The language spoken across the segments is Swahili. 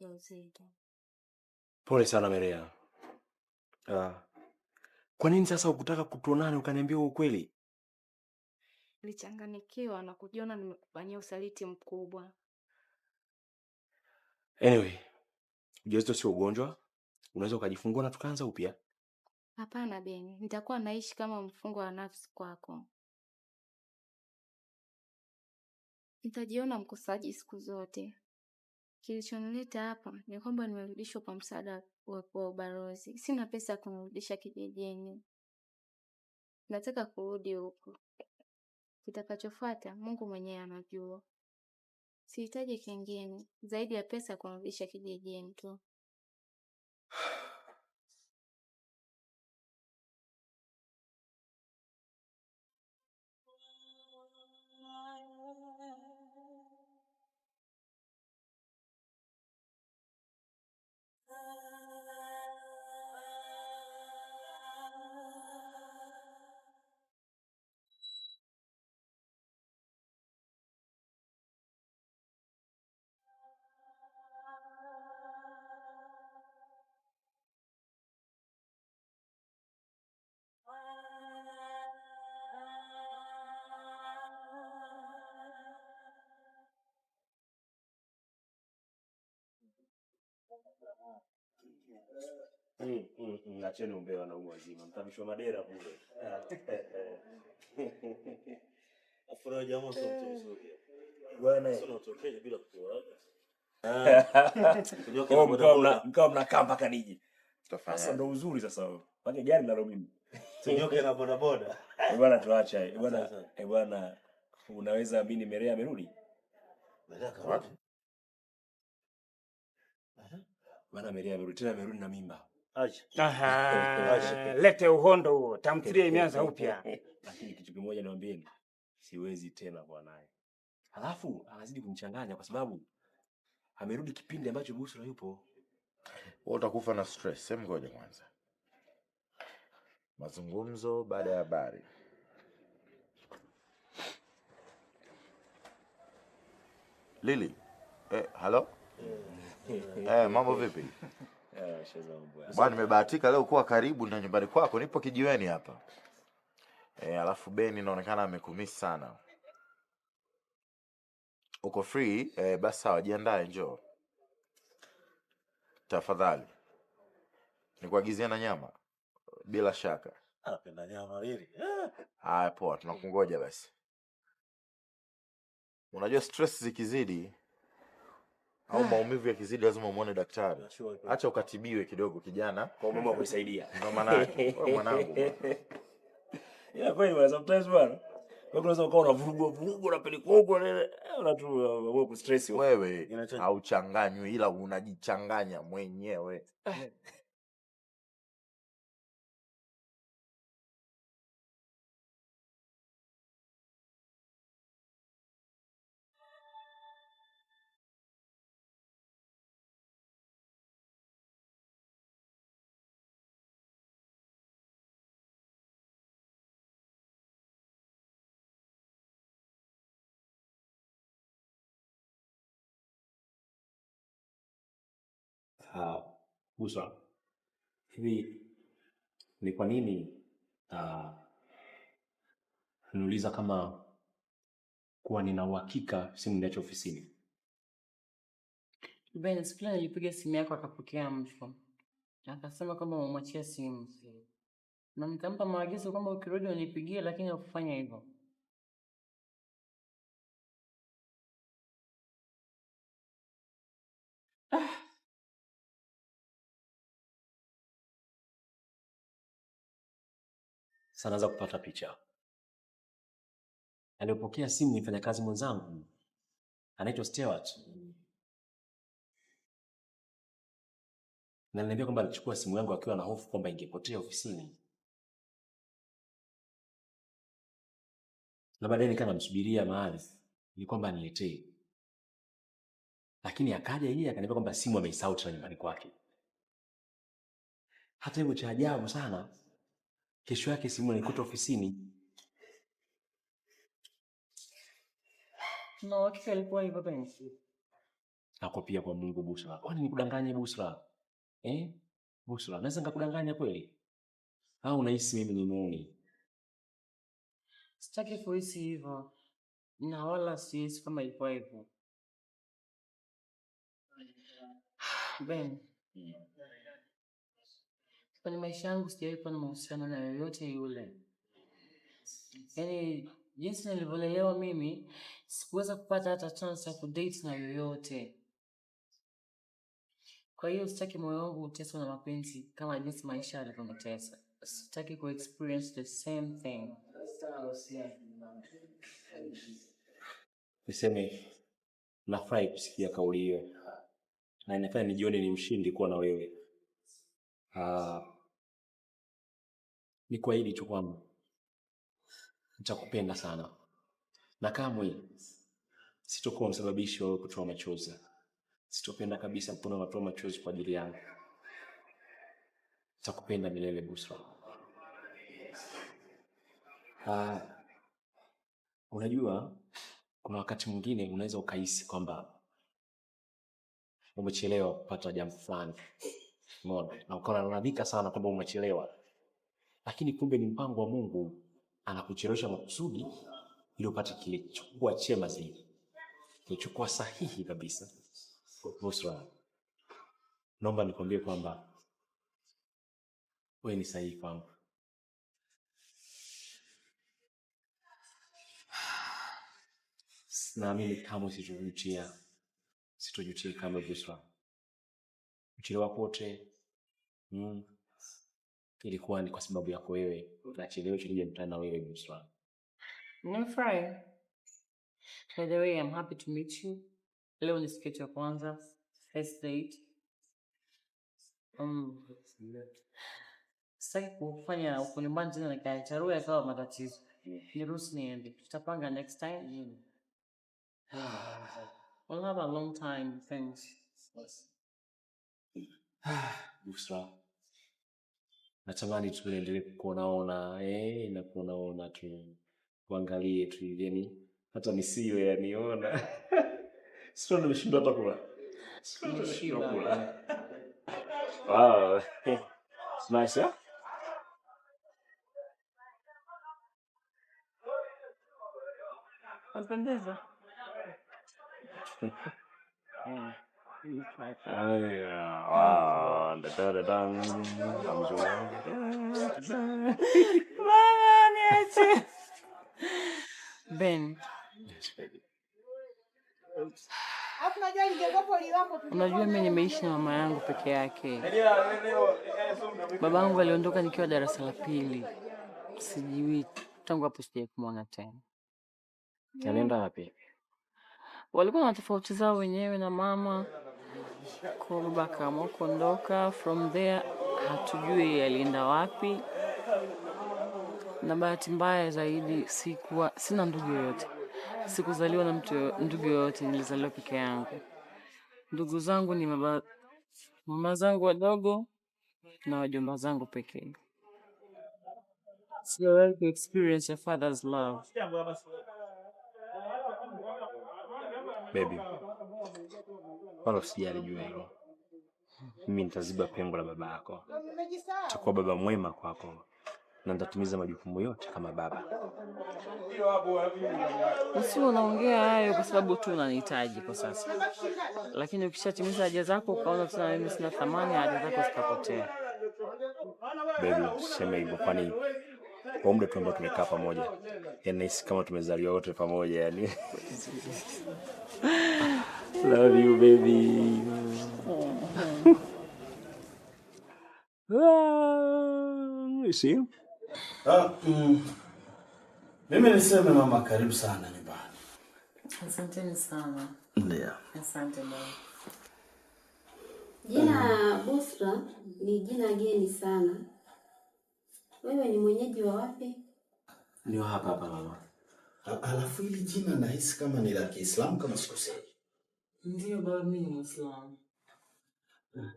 ujauzito. Pole sana Merea. Ah. Kwa nini sasa ukutaka kutuonana ukaniambia ukweli? Nilichanganikiwa na kujiona nimekufanyia usaliti mkubwa. Anyway, ujauzito sio ugonjwa, unaweza ukajifungua na tukaanza upya. Hapana Beni, nitakuwa naishi kama mfungo wa nafsi kwako. Nitajiona mkosaji siku zote. Kilichonileta hapa ni kwamba nimerudishwa kwa msaada wa ubalozi. Sina pesa ya kunirudisha kijijini, nataka kurudi huko. Kitakachofuata Mungu mwenyewe anajua. Sihitaji kingine zaidi ya pesa ya kunirudisha kijijini tu. Mm, mm, mm, acheni umbea wanaume wazima, mtamshwa madera bure. Oh, mkawa mnakaa mpaka nije. Sasa ndo uzuri sasa huo. Pake gari nalo mimi. tunyoke na boda boda. Eh, bwana tuacha. Eh, eh, bwana, unaweza mini Merea amerudi? Merea Maana Maria amerudi tena, amerudi na mimba. Acha. Lete uhondo huo. Tamthilia imeanza upya. Lakini kitu kimoja niwaambieni, siwezi tena kwa naye. Halafu anazidi kumchanganya kwa sababu amerudi kipindi ambacho Busra yupo. Wewe utakufa na stress. Hem, ngoja kwanza. Mazungumzo baada ya habari. Lili, eh, halo? Mm. Eh. Eh, eh, mambo vipi? Eh, Bwana, nimebahatika leo kuwa karibu na nyumbani kwako, nipo kijiweni hapa. Eh, alafu Beni inaonekana amekumis sana. Uko free? Eh, basi sawa, jiandae njoo. Tafadhali. Nikuagizie na nyama bila shaka. Anapenda nyama lili. Ah, haya, poa, tunakungoja basi. Unajua stress zikizidi au ah. maumivu yakizidi lazima umwone daktari. Acha ukatibiwe kidogo kijana, kwa mama kunisaidia. Ndio maana yake wewe mwanangu. Ila kweli bwana, sometimes bwana wewe unaweza ukawa unavurugwa vurugwa unapelekwa eh, huko na tu wewe kustress wewe, hauchanganywi ila unajichanganya mwenyewe. Eh. Ah, uh, Uzwa, hivi ni kwa nini uh, ah, niuliza kama kuwa nina uhakika simu niache ofisini? Ben, siku nilipiga simu yako akapokea mtu akasema kwamba umemwachia simu na nikampa maagizo kwamba ukirudi unipigie, lakini hakufanya hivyo. sanaanza kupata picha. Aliyopokea simu ni mfanyakazi mwenzangu anaitwa Stewart, na niambia kwamba alichukua simu yangu akiwa na hofu kwamba ingepotea ofisini, na baadaye nikaa namsubiria mahali ni kwamba niletee, lakini akaja yeye akaniambia kwamba simu ameisahau tena nyumbani kwake. Hata hivyo, cha ajabu sana Kesho yake simu naikuta ofisini. No, hakika ilikuwa hivyo penzi. Nakopia kwa Mungu Busra. Kwani nikudanganye Busra? Eh? Busra, naweza nikakudanganya kweli? Au unahisi mimi ni nani? Sitaki kuhisi hivyo. Na wala sihisi kama ilikuwa hivyo. Ben. Hmm kwenye maisha yangu sijawahi kuwa na mahusiano na yoyote yule. Yaani jinsi nilivyolelewa mimi sikuweza kupata hata chance ya kudate na yoyote. Kwa hiyo sitaki moyo wangu uteswe na mapenzi kama jinsi maisha yalivyomtesa. Sitaki ku experience the same thing. Niseme nafurahi kusikia kauli hiyo na inafanya nijione ni mshindi kuwa na wewe. Ah, ni kwahidi tu kwamba nitakupenda sana na kamwe sitokuwa msababishi wa kutoa machozi. Sitopenda kabisa kuona unatoa machozi kwa ajili yangu. Nitakupenda milele, Busra. Ah, unajua kuna wakati mwingine unaweza ukahisi kwamba umechelewa kupata jambo fulani, umeona, na unadhika sana kwamba umechelewa lakini kumbe ni mpango wa Mungu, anakuchelewesha makusudi ili upate chukua chema zaidi, kilichokuwa sahihi kabisa. Nusra, naomba nikwambie kwamba wewe ni sahihi kwangu. Naamini kamwe sitojutia, sitojutia kama Busra, uchile wako wote mm ilikuwa ni kwa sababu yako wewe, tunachelewesha tuje mtana na wewe Busra. Nimefurahi. By the way, I'm happy to meet you. Leo ni siku ya kwanza first date. Um, mm. sasa kufanya huko nyumbani tena na kaya ya kawa matatizo. Niruhusu niende. Tutapanga next time. Mm. We'll have a long time thanks. Busra. natamani tu niendelee kuonaona eh, na kuonaona tu kuangalie tu hivi yani, hata nisiwe yaniona sio, nimeshindwa hata kula, sio nimeshindwa kula. Eh. Wow, it's nice, yeah? Unapendeza. Hmm. Unajua, mi nimeishi na mama yangu peke yake. Baba yangu aliondoka nikiwa darasa la pili, sijui tangu hapo sijai kumwona tena. Alienda wapi? Walikuwa na tofauti zao wenyewe na mama Koruba kama kuondoka from there, hatujui alienda wapi, na bahati mbaya zaidi sikuwa sina ndugu yoyote, sikuzaliwa na mtu ndugu yoyote, nilizaliwa peke yangu. Ndugu zangu ni mama, mama zangu wadogo na wajomba zangu pekee. Sijawahi experience your father's love. Baby wala usijali juu hilo. Mimi nitaziba pengo la baba yako, nitakuwa baba mwema kwako na nitatumiza majukumu yote kama baba. Usiwe unaongea hayo kwa sababu tu unanihitaji kwa sasa, lakini ukishatimiza haja zako ukaona tena mimi sina thamani, haja zako zitapotea. Baby, usiseme hivyo, kwani kwa muda tu ambao tumekaa pamoja, yani nahisi kama tumezaliwa wote pamoja yani Love you, baby. ah, isi ah, mm. Mimi niseme mama, karibu sana nyumbani. Asanteni sana. Ndio. Asante mama. Jina Busra ni jina geni sana. Wewe ni mwenyeji wa wapi? Ni wa hapa hapa mama. Alafu hili jina nahisi kama ni la Kiislamu kama sikosei. Ndiyo, baba mimi ni Muislamu.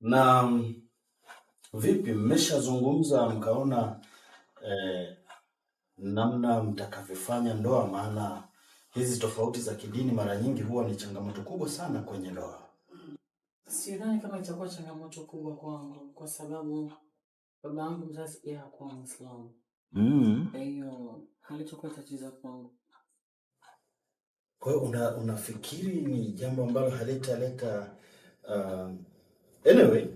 Na vipi, mmeshazungumza mkaona eh, namna mtakavyofanya ndoa? Maana hizi tofauti za kidini mara nyingi huwa ni changamoto kubwa sana kwenye ndoa. Sidhani kama itakuwa changamoto kubwa kwangu, kwa sababu baba yangu mzazi pia hakuwa Muislamu. Mm. Kwa hiyo halichokuwa tatizo kwangu. Kwa hiyo una, unafikiri ni jambo ambalo halitaleta uh, anyway,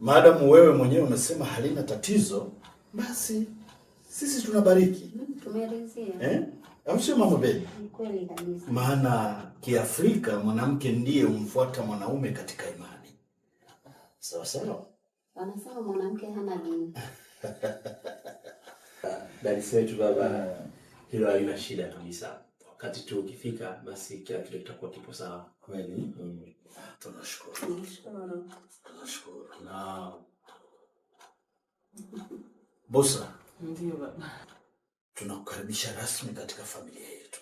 madam wewe mwenyewe unasema halina tatizo, basi sisi tunabariki mm, eh? Au mambo mama Maana Kiafrika mwanamke ndiye umfuata mwanaume katika imani, sawa sawa. Wanasema mwanamke hana dini. Dalisi wetu baba, hilo halina shida kabisa wakati tu ukifika, basi kila kitu kitakuwa kipo sawa. Kweli, mm. tunashukuru, tunashukuru. Na Bosa, ndio baba, tunakukaribisha rasmi katika familia yetu.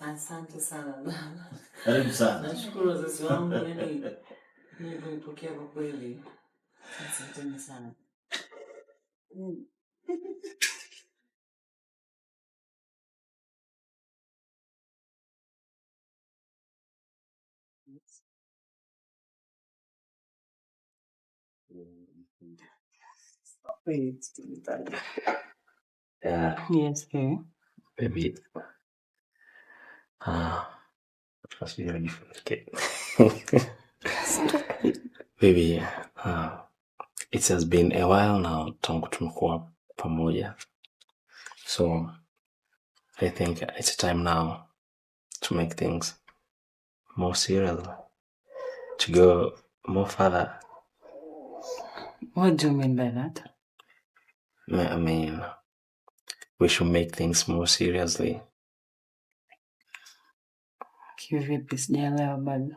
Asante sana baba, karibu sana. Nashukuru wazazi wangu, mimi yaani nilipokea kwa kweli, asanteni sana. Please do that. Yeah. Yes, okay. Baby. Ah. That's really okay. Baby, uh, it has been a while now tangu tumekuwa pamoja. So I think it's time now to make things more serious, to go more further. What do you mean by that? I mean, we should make things more seriously. Kivipi? Sijaelewa bado.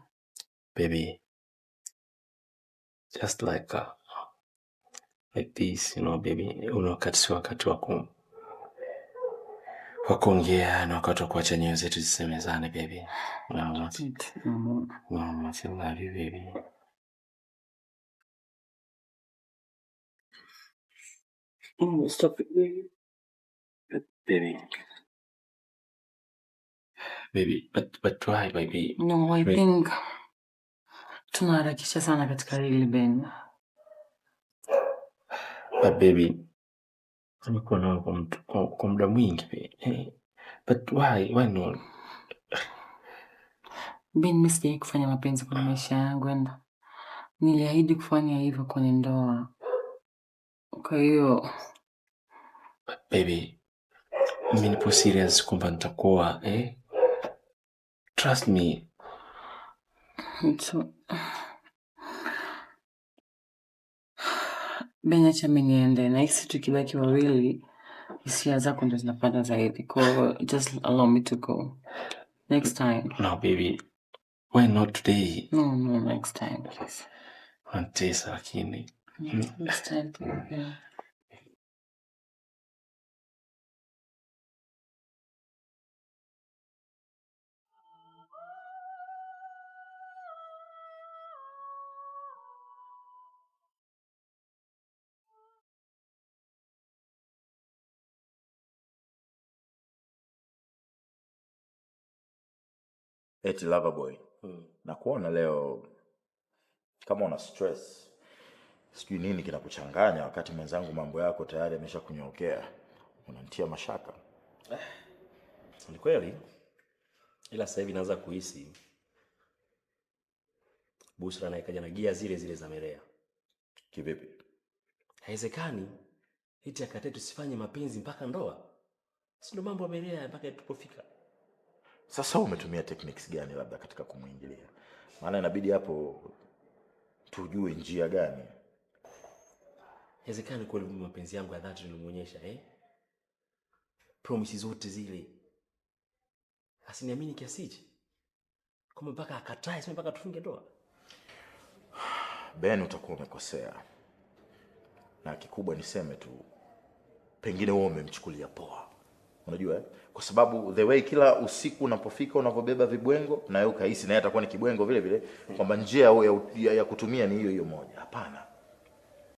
Baby, just like uh, like this, you know, baby, ule wakati si wakati wa ku- wa kuongea na wakati wa kuacha nyoyo zetu zisemezane baby. Mama, It- mm. mama, I love you baby. Oh, stop it, baby. Baby, but, but why, baby? No, I baby. think tunaharakisha sana katika hili Ben. But baby, nimekuwa nawe kwa, kwa, kwa muda mwingi eh, But why, why not? Ben, mi sijawahi kufanya mapenzi kwenye maisha yangu enda, niliahidi kufanya hivyo kwenye ndoa, kwa hiyo baby, mimi nipo serious kwamba nitakuwa eh? Trust me. So, benyacha meniende na hisi, tukibaki wawili hisia zako ndo zinapanda zaidi, kwa just allow me to go next time. No baby, why not today? No, no, next time please. Antesa lakini. Next time, yeah. eti Loverboy mm. na kuona leo kama una stress sijui nini kinakuchanganya, wakati mwenzangu mambo yako tayari amesha kunyokea, unantia mashaka. Eh, ni kweli, ila sasa hivi naanza kuhisi Busra naye na gia zile zile za Merea. Kivipi? Haiwezekani eti akatetu tusifanye mapenzi mpaka ndoa, sindo mambo ya Merea mpaka tulipofika sasa umetumia techniques gani labda katika kumwingilia? Maana inabidi hapo tujue njia gani. Hezekani kweli mapenzi yangu ya dhati nilimuonyesha eh? Promise zote zile. Asiniamini kiasi hichi. Kama mpaka akatae sema mpaka tufunge ndoa. Ben, utakuwa umekosea. Na kikubwa niseme tu pengine wewe umemchukulia poa unajua eh? kwa sababu the way kila usiku unapofika unavyobeba vibwengo na wewe ukahisi naye atakuwa ni kibwengo vile vile, kwamba njia ya, ya, ya kutumia ni hiyo hiyo moja. Hapana.